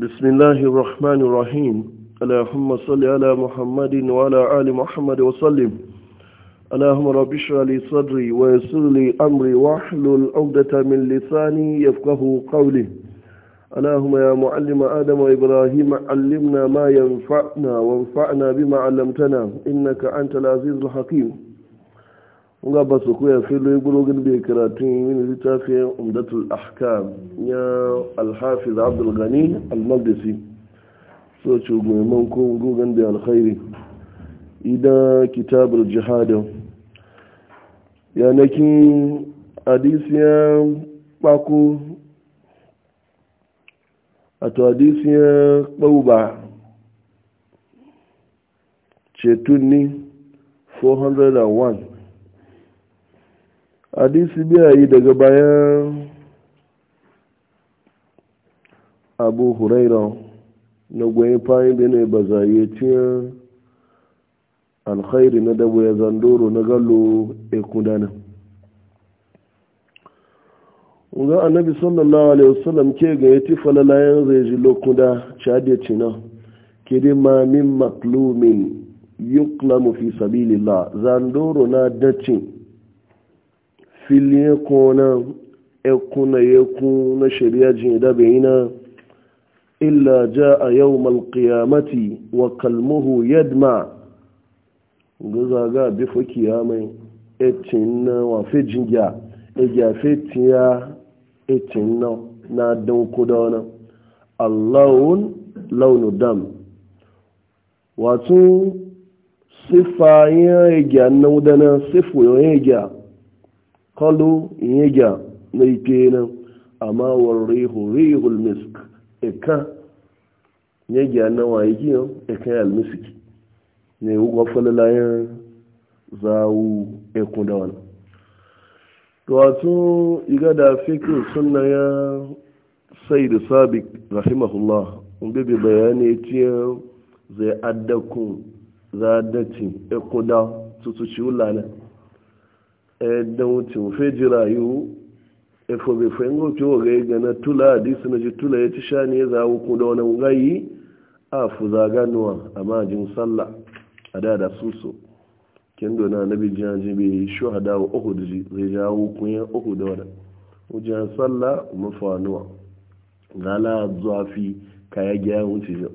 بسم الله الرحمن الرحيم اللهم صل على محمد وعلى آل محمد وسلم اللهم رب اشرح لي صدري ويسر لي امري واحلل عقدة من لساني يفقه قولي اللهم يا معلم ادم وابراهيم علمنا ما ينفعنا وانفعنا بما علمتنا انك انت العزيز الحكيم nga ba su koya filo igbulogin bai karatun yin littafin umdatul ahkam ya alhafiz abdul gani al-maldisi so ci gwiman ko da alkhairi idan kitabul jihadin yanakin adisiyan kpako a adisiyan kpauba cetunni 401 hadisi biya yi daga bayan abu huraira na goyi fayin da ne ba zaye alkhairi na dabo ya zandoro na gallo e kudana ga annabi sallallahu alaihi wasallam ke ga yati falalayan zai ji lokuda chade cina kidi ma min maklumin yuklamu fi sabilillah zandoro na dacin filin kona ekun na yakun na shari'a jin da bayina illa jaa yawmal qiyamati wa kalmuhu yadma gaza ga bi fo kiyamai etin na wa fi jingya e ja tiya etin na na don ku da allahun launu dam wato sifa yin ya na wudana sifu yin ya kalu yega na ike nan amma war rihu rihul misk eka yega na waye kiyo eka al misk ne ugo falala ya zawu ekun da wani to ato iga da fikin sunna ya sayyid sabiq rahimahullah un bebe bayani tiya zai addakun zadacin ekun da tutuci wulana da wuce wufe ji rayu efo bai fahimgo ci wa gai gana tula hadisi na ji tula ya ci sha ne za ku da wani gayi a fuza ganuwa a majin sallah a da da suso kin na bi jiyan ji bai shuhada wa uhud ji zai jawo kunyan uhud da wani wajen sallah kuma fanuwa gala ka ya gya wuce ji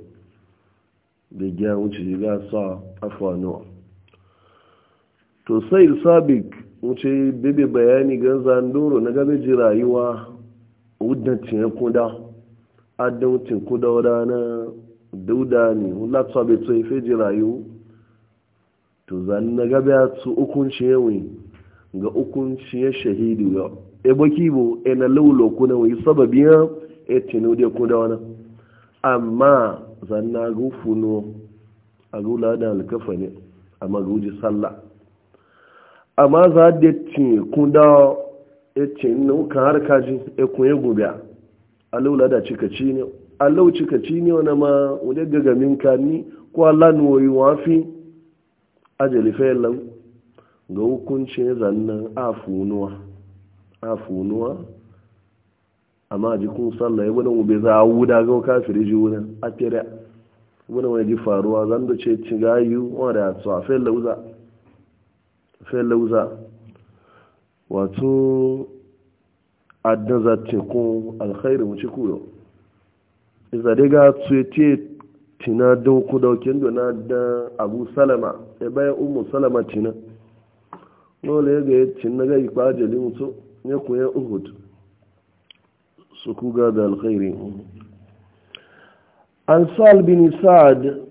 da gya wuce ji ga sa a fanuwa to sai sabik wuce bebe bayani gan zandoro na game ji rayuwa wudan tiyan kuda adan tin kuda na dauda ne latsa bai tsaye ife ji rayu to zan na gabe a su hukunci yawon ga hukunci ya shahidu ya ebo bo e na laulo kuna wai sababi ya e tinu da kuda wana amma zan na no a gula da alkafa ne amma guji sallah amma za da ce kun da ya ce nukan harka ji ya kun ya gobe alaula da cika ci ne alau cika ci ne wani ma wadda gagamin ka ni ko allah nuwoyi wafi ajali fayalan ga hukuncin zannan afunuwa afunuwa amma ji kun sallah ya wani gobe za a wuda ga kafiri ji wani a tere wani wani ji faruwa zan da ce ci gayu wani da su a fayalan felauza wato addan za tekun alkhairu mu ci kuyo iza dai ga tsoye tina don ku daukin don da abu salama ya bayan umu salama tina dole ga ya tina ga ikpa ajali mutu ya kuyen uhud su kuga da alkhairu ansal bin sa'ad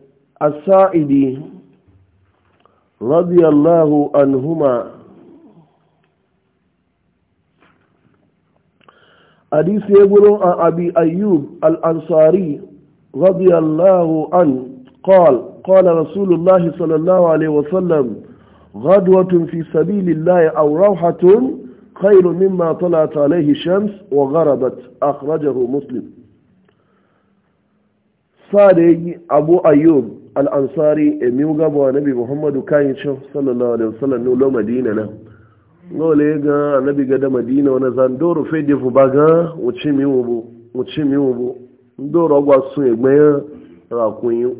as-sa'idi رضي الله عنهما حديث يقول عن أبي أيوب الأنصاري رضي الله عنه قال قال رسول الله صلى الله عليه وسلم غدوة في سبيل الله أو روحة خير مما طلعت عليه الشمس وغربت أخرجه مسلم صار أبو أيوب al'ansari emi gaba nabi muhammadu kayan cin sallallahu alaihi wasallam nulo madina na ya ga annabi ga da madina wani zandoro fede fu ba ga wuce mi wubo ndoro gwa sun rakun rakunyi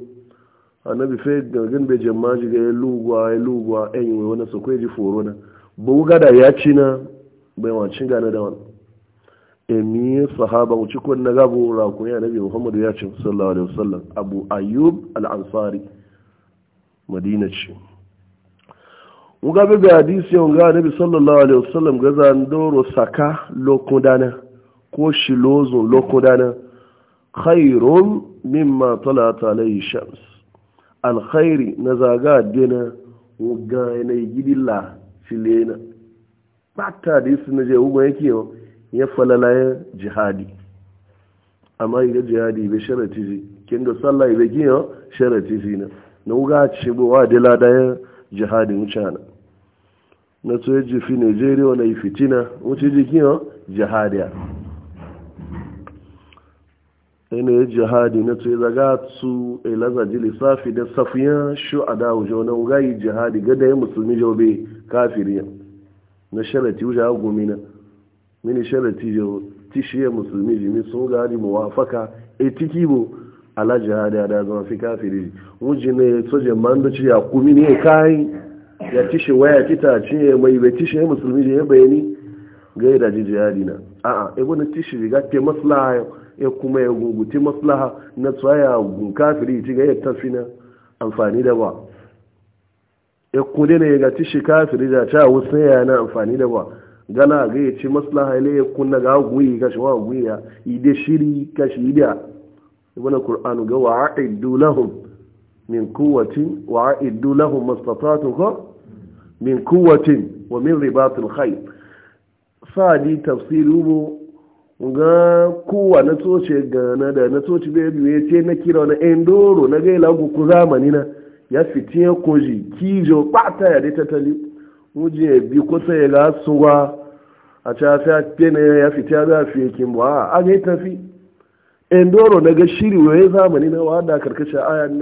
a nabi gangin bai jamaji ga ya lugwa ya lugwa enyi wani su ji foro na bugu gada ya ci na bai wancin gane da wani emi sahaba wuce kun na gabo rakuni annabi Muhammadu ya ce sallallahu alaihi wasallam abu ayyub al-ansari madina ce mu gabe ga hadisi yau ga annabi sallallahu alaihi wasallam ga zandoro saka lokodana ko shilozo lokodana khairun mimma talat alaihi shams alkhairi na zaga dina ga yanayi gidilla filena ba ta hadisi na je ugo yake yau ya falalaye jihadi amma iga jihadi bai sharati zi kin ga sallah bai giya sharati zi na na uga ce bai wa dila da ya jihadi wucana na to ya jifi Nigeria wani yi fitina wuce ji jihadi a ina ya jihadi na to ya zaga su ilaza e ji lissafi da safiyan a wuce wani wuga yi jihadi gada ya musulmi jobe kafiriya na sharati wuce ha gomina mini sharati jo tishiye musulmi ji mi sun gari muwafaka e tiki bo ala jihada da zama fi kafiri wujin ne soje mandoci ya kumi ne kai ya tishi waya kita ce mai bai tishe musulmi ji ya bayani ga da ji jihadi na a'a e wani tishi riga ke maslaha ya e kuma ya gunguti maslaha na tsaya gun kafiri ti ga ya tafi na amfani da ba ya e kude ne ga tishe kafiri da ta wasu yana amfani da ba gana ga ya ci maslaha ile ya kunna ga guyi kashi wa yi da shiri ka shi da ibn qur'an ga wa a'iddu lahum min quwwatin wa a'iddu lahum mastata'tum min quwwatin wa min ribatil khayr sadi tafsiru ga kowa na tsoce gana da na tsoce bai biyu ce na kira na endoro na lagu ku zamani na ya fitiye koji kijo bata ya dai tattali ya bi kusa ya ga suwa a ci afiya kene ya fita za zafi yakin ba a ga yi tafi endoro na ga shiri waye zamani na wa? da karkashi ayan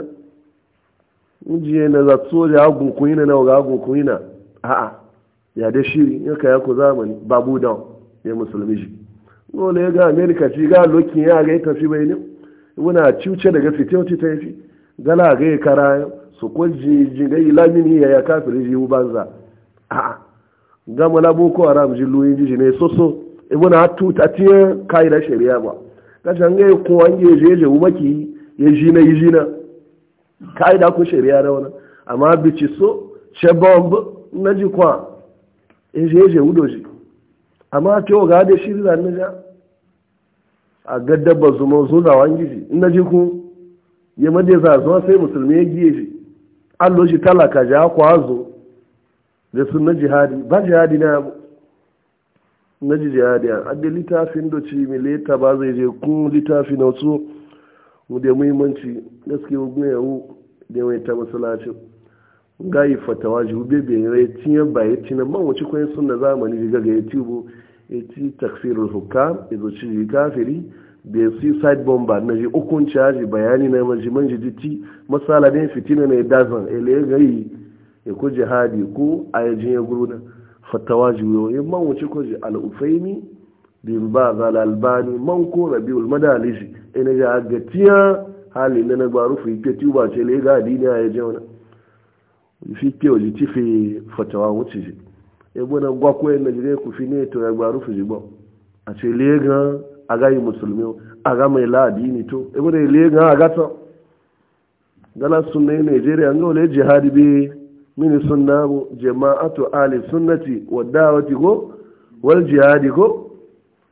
nan ya na za soja agun yi na waga agun a a'a ya da shiri ya ka ya ku zamani babu da ya musulmi shi dole ya ga amerika ci ga lokin ya ga ita tafi bai ne muna ciuce daga fitewci ta yi gala ga ya kara su ko jijin lamini ya ya kafin rijiyu banza a'a gama la boko haram ji luyin ji ne soso ibuna e hatu ta tiye kai da shari'a ba ka shanga ko an je je je umaki ya ji na yi na ka'ida da ku shari'a da wannan amma bici so che bomb na ji kwa e je je udo ji amma to ga da shiri da na ja a gadda ba zumo zuwa wangi ji na ji ku ya made za zuwa sai musulmi ya giye ji allo shi talaka ja zo. da sun na jihadi ba jihadi na abu na ji jihadi an adda littafin da ci mileta ba zai je kun littafi na wasu da muhimmanci gaske hukun yawo da mai ta masalacin gayi fatawa ji hube bai rai cinye ba ya na man wace kwaye sun na zamani ji gaga ya tubo ya ci taksirul hukka ya zo ci ji kafiri da ya si side bomba na ji ukun caji bayani na maji man ji ji ti masala ne fitina na ya dazan ele ya gayi ya ku jihadi ku a yajin ya guru na fatawa juyo ya man wuce ku ji al'ufaini bin ba ga albani man ko rabiul madalisi ina ga gatiya hali na na gbaru fi ke tuba ce le ga adini a yajin wani fi ke waje ci fi fatawa wuce ji ya e gwana gwakwa yana jire ku fi ne to ya gbaru fi jibon a ce le ga agaghị musulmi aga mai ladini to ebe da ile ga agata gala sunne nigeria ga wale jihadi bi mini sunna mu jama'atu ali sunnati wa dawati go wal jihadi ko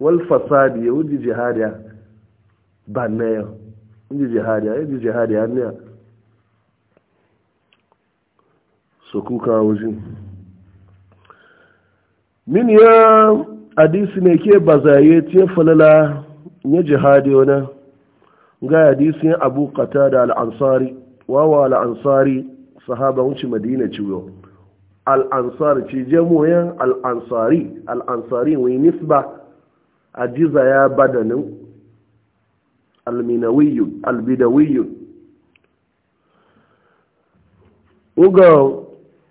wal fasadi ya wuji jihadi ya ba na ya wuji jihadi ya wuji jihadi ya ne so kuka wujin min ya hadisi ne ke bazaye ce falala ya jihadi wani ga hadisi abu qatada al-ansari wawa al-ansari sahaba wuce madina ciwo al'ansar ce jamoyan al'ansari al'ansari wani nisba a jiza ya badanin alminawiyun albidawiyun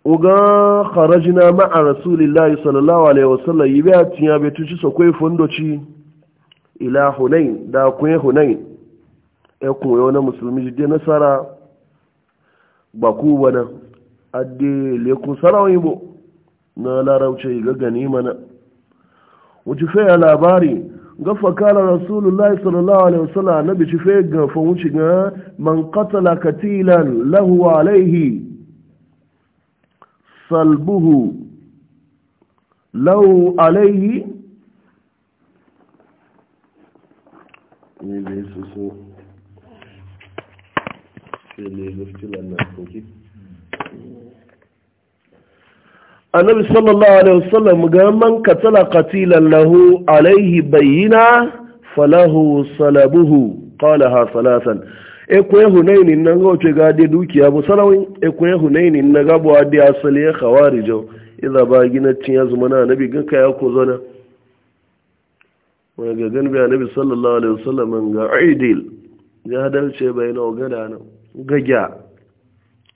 uga kharajina ma'a rasulillahi sallallahu alaihi wasallam yi biya tiya bai tuci sakwai fundoci ila hunain da kunye hunain e ya kuma yau na musulmi jide nasara baku bana adde lekun sarawin bo na larauce ga gani mana wuce faya labari gafa kala rasulullahi sallallahu alaihi wasallam nabi ci faya gafa wuce ga man qatala katilan lahu alaihi salbuhu lahu alaihi ne bai su so annabi sallallahu alaihi wasallam ga man katala qatilan lahu alaihi bayyina falahu salabuhu qala ha salasan e ko hunaini nan ga wace ga de dukiya bu salawin e ko hunaini nan ga bo adi asali ya khawarijo idza ba gina tin ya na annabi ga kaya ko zona wani ga ganbi bi annabi sallallahu alaihi wasallam ga aidil ya hadalce bayan o nan gagya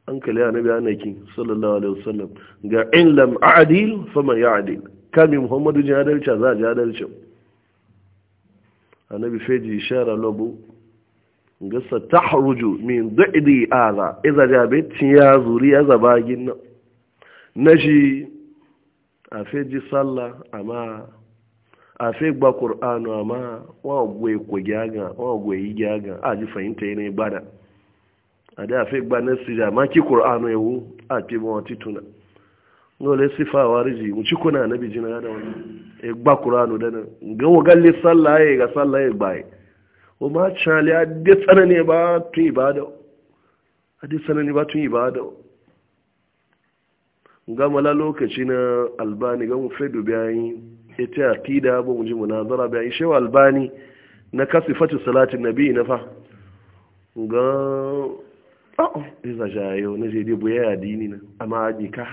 an kalli annabi anakin sallallahu alaihi wasallam ga in lam a'dil man ya'dil kami muhammadu jin adalci za ji adalci annabi feji ishara lobu ga sa tahruju min dhidi ala idza jabet ya zuri ya zabagin naji a feji sallah amma a fe gba qur'anu amma wa gwe ko gyaga wa gwe yi gyaga a ji fahimta yana ibada a da fi gba na sija ma ki qur'anu yahu a ti mo tituna ngole sifa wariji mu ci kuna nabi jina da wannan e gba qur'anu da nan ga wagalli sallah ya ga sallah ya gbai o ma chali a de tsanani ba tun ibada a de tsanani ba tun ibada ga lokaci na albani ga mu fedu bayan ita aqida ba mu ji munazara bayan shewa albani na fati salatin nabi na fa ga a'a iza jayo na je bu ya dini na amma ajika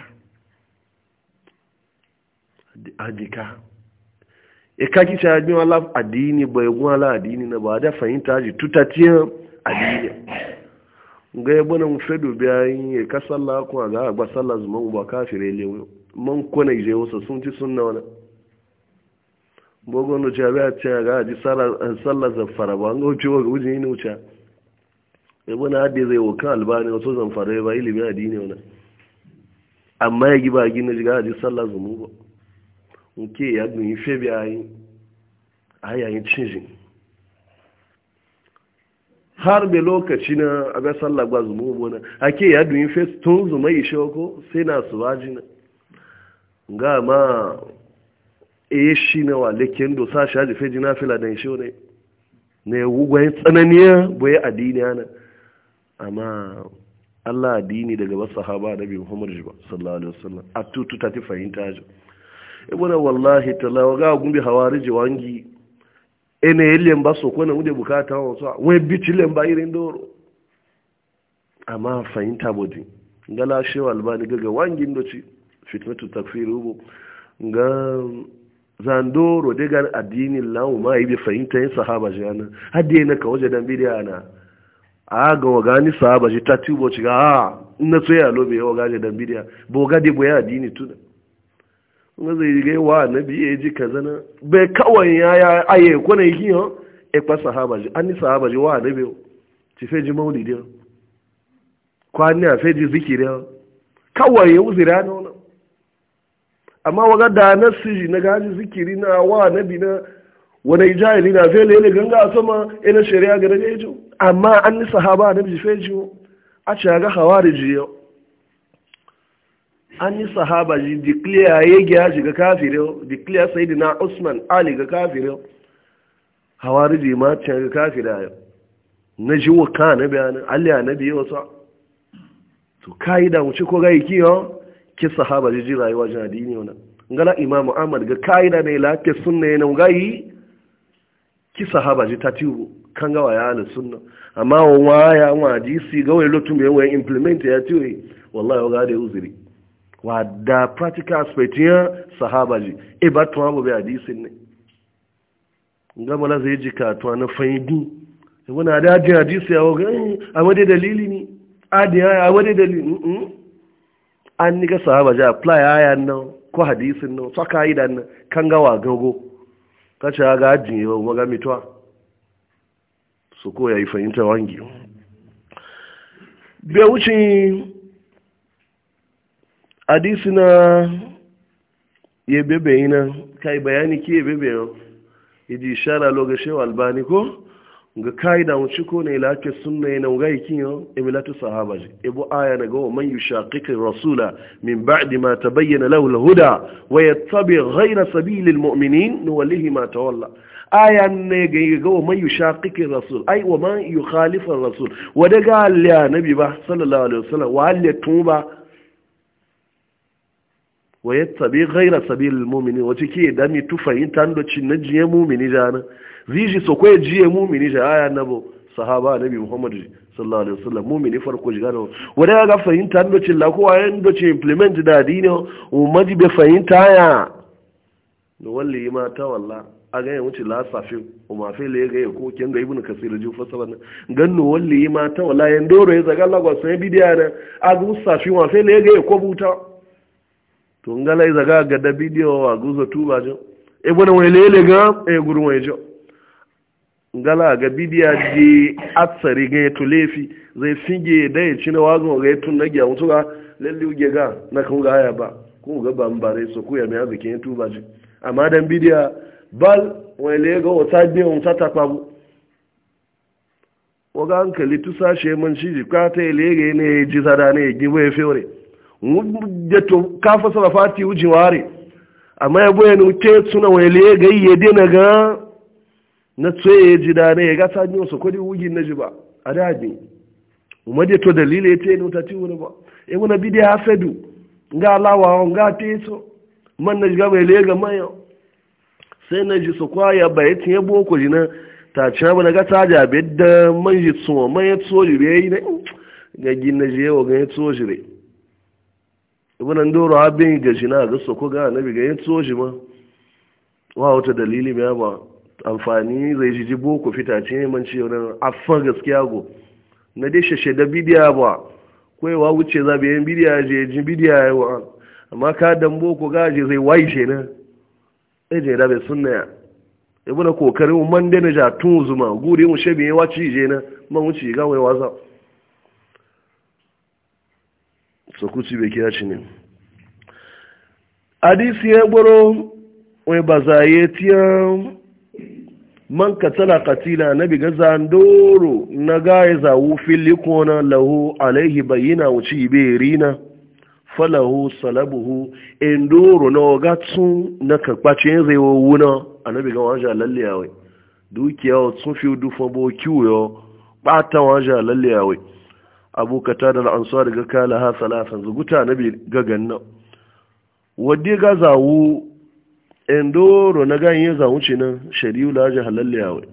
ajika e kaki ta ajin wala adini ya gun ala adini na ba da fahimta ji tutatiyan adini ga ya bana mu fedo bayan ya ka sallah ko ga ba sallah zuman ba kafire le man kona je wasu sun ci sunna wala bogon no jabe a ce ga ji sallah zafara ba an ga wuce wa gujin ne wuce yabo na haɗe zai wakan albani wasu zamfara ba ilimin addini wani amma ya giba gina jiga a jisar zumu ba nke ya gbin ife bi a yayin cinjin har bai lokaci na aga sallah ba zumu ba a ke ya gbin ife tun zuma ishe shoko sai na su ba jina ga ma e shi na wa lekin do sa shi haji fe jina fila da shi ne ne wugwayin tsananiya bai addini ana amma Allah dini daga wasu sahaba da bi ba sallallahu alaihi wasallam a tutu ta ti fahimta ji ibn e, wallahi talawa ga gumbi hawariji wangi ene yelen ba so na mude bukata wa so we bitilen ba irin doro amma fahimta bodi ngala shewa albani gaga wangi ndoci fitnatu takfir ubu ga zandoro daga addinin lawo ma yi bi fahimta yin sahaba jana hadde na ka waje dan bidiya na a ga wagani sahaba ji tati bo ga a ah, na tsaye a lobe yawa gaje dan bidiya bo gadi bo ya dini tuna nga zai ga wa nabi ya ji kazana na bai kawai ya ya aye ko na yi ho e kwa sahaba ji anni sahaba wa na ci ti feji maulidi ko anni a fe ji zikiri kawai ya uzira na amma waga da na siji na gaji zikiri na wa nabi na wani jahili na fele yana ganga a sama yana shari'a ga daga yajo amma an ni sahaba na bife jiwo a ce ga hawari jiyo an yi sahaba ji dikliya ya gya shi ga kafirin dikliya sai na usman ali ga kafirin hawari ji ma can ga kafirin yau na ji wa ka na biya na aliya na biya wasa to kayi da wuce ko gai kiyo ki sahaba ji ji rayuwa jihadi ne wannan ngala imamu ahmad ga kayi da ne ke sunna ne gai ki sahaba ji ta tiwo kan gawa ya ala sunna amma wa waya wa ji si ga wani lotun bai wani implement ya tiwo wallahi wa gade uzuri wa da practical aspect ya sahaba ji e ba tuwa ba bai hadisin ne gama la zai ji ka tuwa na faidi e wani da ajin hadisi ya waga eh, a wadai dalili ne adin haya a wadai dalili an ni ga sahaba ji apply haya nan ko hadisin nan saka yi da nan kan gawa gago kacha ga ajin yau maga mitwa su ko ya yi fahimta wangi bai wuce hadisi na ya bebe yi nan kai bayani ki ya bebe yau idi shara lokacin albani ko ga kaida mu ko ne lake sunna ne ga yakin yo Imilatu sahaba ji ibu aya na ga man yushaqiqi rasula min ba'di ma tabayyana lahu al-huda wa yattabi ghayra sabili al-mu'minin nuwallihi ma tawalla aya ne ga ga man yushaqiqi rasul ai wa man yukhalifu rasul wa daga ya nabi ba sallallahu alaihi wasallam wa Allah tuba Waye yattabi ghayra sabilil mu'minin wace ke da mi tu fahimta ndo cin na jiye mu'mini jana ziji so ko jiye mu'mini ja aya nabo sahaba nabi muhammad sallallahu alaihi wasallam mu'mini farko jiga no wada ga fahimta ndo cin la ko wa ndo cin implement da dino umaji be fahimta ya no walli ma ta walla a ga wuce la safi umma fe le ga ko kin ga ibnu kasir ju fasala ganno walli ma ta walla yan doro ya zaga lagwa sai bidiya na agu safi wa fe le ga ko buta to ngala iza ga gada bidiyo aguzo guzo tuba jo e bona wani lele ga e guru wani jo ngala ga bidiya di atsari ga to lefi zai finge da ya cina wazo ga tun na gya mutu ga lalle uge ga na kun ga aya ba ko ga ban bare so ko ya mai azikin tuba ji amma dan bidiya bal wani lele ga wata biyo mun ta kwabu waga hankali tusa shi man shi ka ta lele ne ji sada ne gi bai fere muddatu kafa sarafati ujiware amma ya boye nuke tuna wele ga yi yade na ga na tsoye ji da ne ga ta ni so kodi wugin na ji ba a dabi umade to ya ite ne ta tiwo ba e wona bidi ha fedu nga lawa nga teso man na ga wele ga mayo sai na ji so kwa ya bai tin ya boko ji na ta ci na ga ta ja bedda man ji so man ya tsoji bai ne ga gin na je wa ga ya tsoji bai ibn doro abin ga shi na ga soko ga annabi ga yin tsoji ma wa wata dalili mai ba amfani zai ji ji boko fita ce man ce wannan afan gaskiya go na dai shashe da bidiya ba wa wuce za bi yin bidiya je jin bidiya ya wa amma ka dan boko ga je zai wai she na eh je da be sunna ya ibn kokarin man da na ja tun zuma gure mu shebe ci je na man wuce ga wai waza sokuti beke ya chini hadisi ya gboro wai ba zaye tiyan man katala katila na biga zandoro na gaya za wufili kona lahu alaihi bayina wuci ibe rina falahu salabuhu indoro na wagatsu na kakpace zai wuna a na biga wajen lalliyawai dukiya sun fi dufan bo kiwo ya ɓata wajen lalliyawai abu kata da ansuwa daga kala ha salatan zuguta na bi gagan nan wadda ga zawu endoro na ganye zawu ce nan shari'u lajin halalle yawai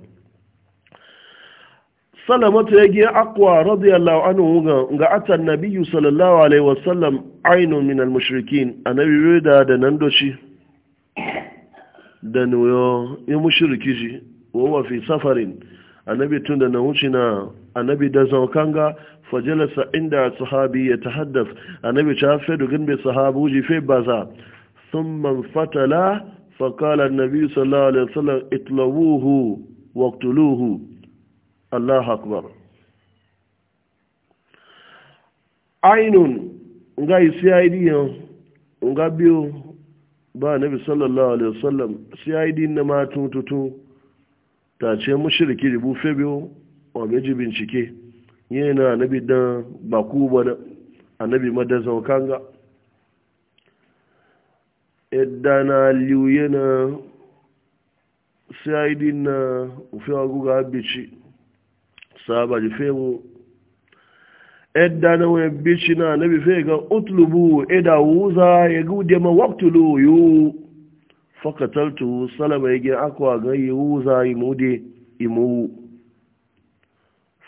salamatu ya giya akwa radiyallahu anhu ga ga atan nabiyyu sallallahu alaihi wasallam ainu min al-mushrikin annabi rida da nan doci da noyo ya mushriki ji wa wa fi safarin annabi tun da na wuce na annabi da zaukanga fajalasa inda sahabi ya tahaddas annabi ta fe dugin bai sahabuji fe baza thumma fatala faqala annabi sallallahu alaihi wasallam itlawuhu waqtuluhu Allahu akbar ainun nga CID yan nga biyu, ba annabi sallallahu alaihi wasallam CID na ma tututu ta ce mushriki rubu fe biyo ji bincike yana anabi dan baku bana anabi madazan kanga idan na liu na saidi na ofin agogo abici saba ji femu yadda na wani bici na anabi fe ga otulubu ida wuza ya gude ma waktulu yiwu fakataltu salama ya gina akwa ga yiwu za imude imuwu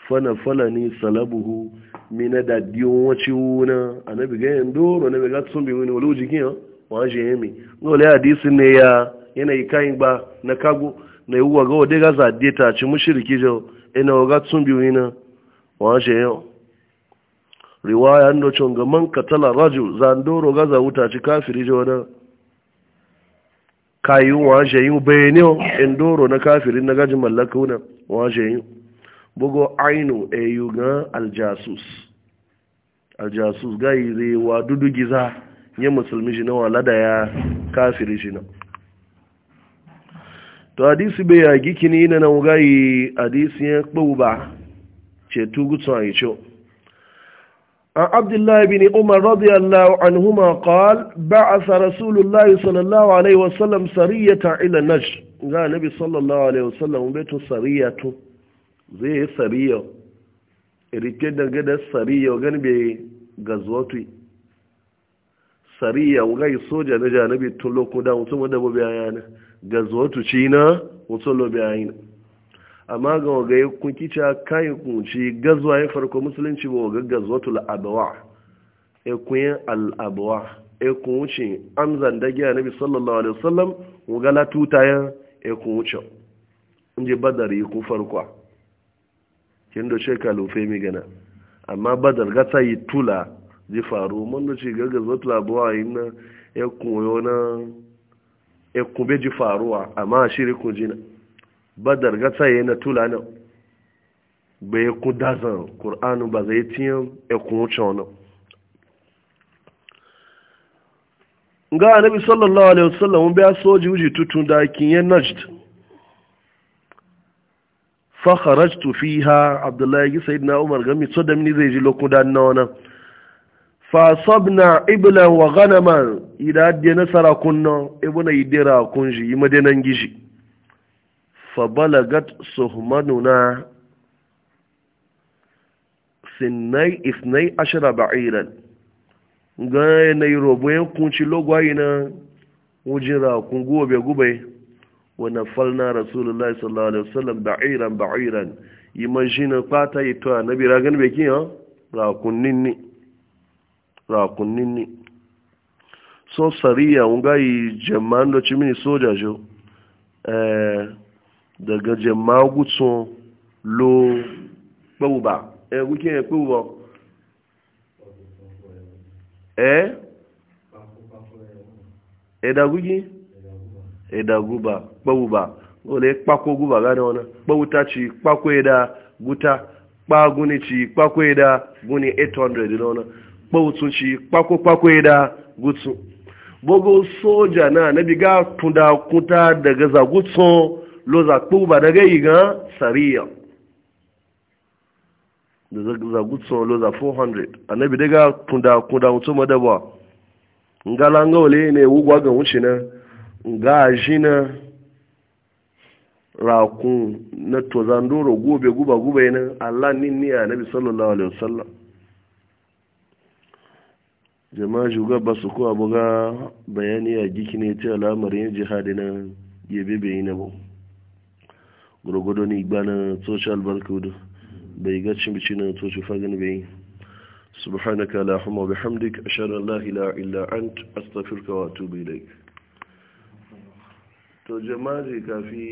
fana fana ni salabuhu mina da diyon wace wuna annabi ga yan doro annabi ga sun bi wani wani jikin ya wa je yemi no le hadisi ne ya yana yi kayan ba na kago na yuwa ga wade ga za deta ci mushriki jo ina ga sun bi wani wa je yo riwaya ndo chonga man katala raju za ndoro ga za wuta ci kafiri jo na kayi wa je yu bayani ndoro na kafirin na gajin mallaka wuna wa je yu bugo ainu eyu ga aljasus aljasus ga yi wa dudu giza ya musulmi shi na walada ya kafiri shi na to hadisi bai ya gikini ina na wuga yi hadisi ya kpau ba ce tugutsu a yicho an abdullahi bin umar radiyallahu anhuma qal ba'asa rasulullahi sallallahu alaihi wasallam sariyata ila najd ga nabi sallallahu alaihi wasallam beto sariyatu zai yi sariya rike daga da sariya gani bai gazuwatu sariya ngai soja na janabi tun lokuda mutum wadda bu biya yana gazuwatu ci na mutum lo biya yana amma ga waga kun kica kayan kunci gazuwa ya farko musulunci ba waga gazuwatu la'abawa. e kuyin al'abawa e kun wuce amzan da giya nabi sallallahu alaihi wasallam waga latuta ya e in ji badari kun farko kin do sheka lufe mi gana amma badar gata yi tula ji faru mun do ci gaga zotla buwa inna ya kunyo na kube ji faruwa amma shiri kun jina badar gata yi na tula na bai ku dazan qur'anu ba zai tiyan ya kun chono ga annabi sallallahu alaihi wasallam bai soji uji tutun da kin ya najd fakharajtu fiha abdullahi sayyidina umar gami so da mini zai ji lokudan na wannan fa sabna iblan wa ghanaman ida de nasara kunno ibuna idira kunji nan gishi fa balagat suhmanuna sinnai isnai ashara ba'iran ga na yi robo yankunci logwayi na wujira rakun gobe gubai ونفلنا رسول الله صلى الله عليه وسلم بعيرا بعيرا يمجينا قاتا يتوى نبي راغن بكي ها راكنيني ni so sariya wunga yi jaman da cimini soja jo eh, daga jaman gutsun lo kpewuba eh, wikin ya kpewuba eh? da gúgí eda guba kpawuba ole wale kpako guba gane kpawuta ci kpako eda guta kpaguni ci kpako eda guni 800 na wani kpawutun ci kpako kpako eda gutsu bogo soja na na biga tunda kuta daga zagutsun lo za kpawu ba daga yi gan sariya da zagutsun lo 400 annabi daga kunda kunda mutum da ba ngala ole ne wugwa ga wuce na ga na rakun na tozandoro gobe guba guba yana Allah ninni a nabi sallallahu alaihi wasallam jama'a juga ba su kowa buga bayani a giki ne ta al'amarin jihadi na yabe bai na bu gurgudu ni gbana social barkudu bai ga bici na tsoci fagen bai subhanaka la hama bihamdik ashara la ila illa ant astaghfiruka wa atubu ilaik to jama'a kafi